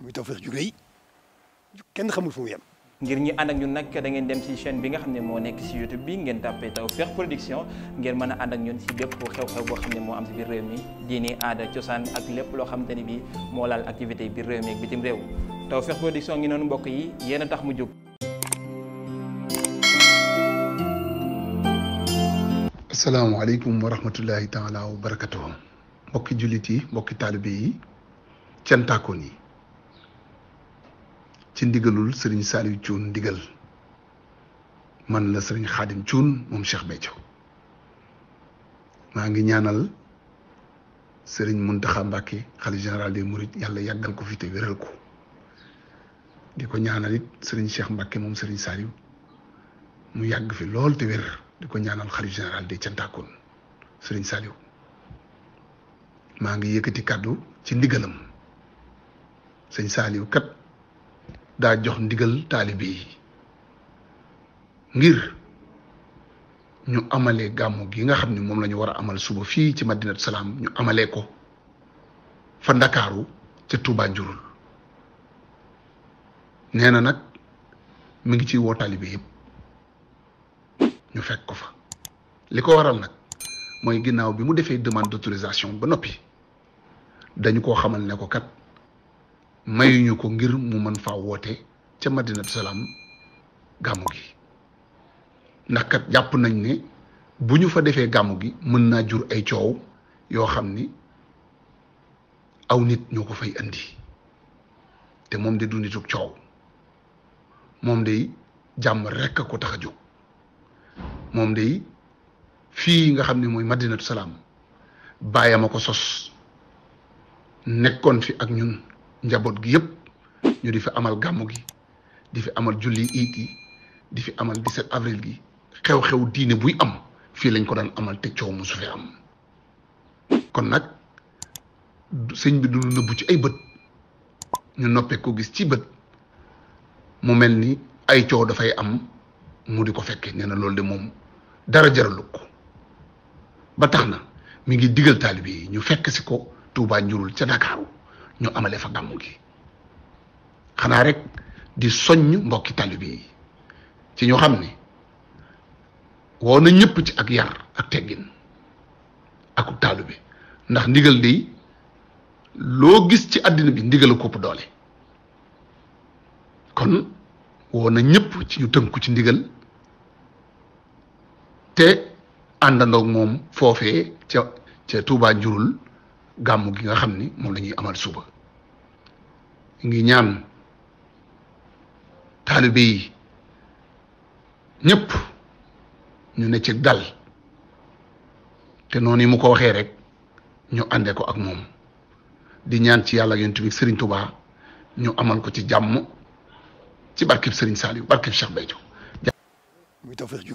muy Tawfekh ju rëy kenn xamul foofu mu yem. ngir ñi ànd ak ñun nag da ngeen dem ci chaîne bi nga xam ne moo nekk ci YouTube bi ngeen tàppee Tawfekh Production ngeen mën a ànd ak ñun ci bépp xew-xew boo xam ne moo am ci biir réew mi diini aada cosaan ak lépp loo xamante ni bi moo laal activité biir réew mi ak bitim réew Tawfekh Production ngi noonu mbokk yi yéen a tax mu jóg. asalaamaaleykum wa rahmatullahi taala wa barakatuh mbokki jullit yi mbokki taalibe yi. ci ndigalul sëriñ Saliou Thioune ndigal man la sëriñ Khadim Thioune moom Cheikh Béthio maa ngi ñaanal sëriñ Mountakha Mbacké xalifa général des Mourides yàlla yàggal ko fi te wéral ko di ko ñaanal it sëriñ Cheikh Mbacké moom sëriñ Saliou mu yàgg fi lool te wér di ko ñaanal xalifa général des Thiantakoune sëriñ Saliou maa ngi yëkkati kàddu ci ndigalam sëñ Saliou daa jox ndigal taalibe yi ngir ñu amalee gàmmu gi nga xam ni moom lañu war a amal suba fii ci madinat salaam ñu amalee ko fa ndakaaru ca Touba Njurul nee na nag mu ngi ci woo taalibe yëpp ñu fekk ko fa li ko waral nag mooy ginnaaw bi mu defee demande d'autorisation ba noppi dañu koo xamal ne mayuñu ko ngir mu mën faa woote ca madinatu salaam gàmmu gi ndax kat jàpp nañ ne bu ñu fa defee gàmmu gi mën naa jur ay coow yoo xam ni aw nit ñoo ko fay indi te moom de du nituk coow moom day jàmm rekk a ko tax a jóg moom day fii nga xam ne mooy madinatu salaam bàyyam a ko sos nekkoon fi ak ñun njaboot gi yëpp ñu di fi amal gàmmu gi di fi amal julli iit yi di fi amal 17 avril gi xew-xew diine buy am fii lañ ko daan amal te coow mu su fi am kon nag sëñ bi du nëbbu ci ay bët ñu noppee ko gis ci bët mu mel ni ay coow dafay am mu di ko fekkee nee na loolu de moom dara jaralu ko ba tax na mu ngi digal taalibe yi ñu fekk si ko tuubaa njurul ca Dakaaru ñu amale fa gàmmu gi xanaa rek di soññ mbokki talibe yi ci ñu xam ni woo na ñëpp ci ak yar ak teggin aku bi ndax ndigal di loo gis ci àddina bi ndigal a kopp doole kon woo na ñëpp ci ñu tënku ci ndigal te àndandoog moom foofee ca ca Tuubaa njurul gàmmu gi nga xam ni moom lañuy amal suba ngi ñaan taalibe yi ñëpp ñu ne ci dal te noonu mu ko waxee rek ñu àndee ko ak moom di ñaan ci yàlla yonent bi Serigne Touba ñu amal ko ci jàmm ci barkeb sëriñ Saliou barkeb Cheikh Béthio. muy tawfeex ju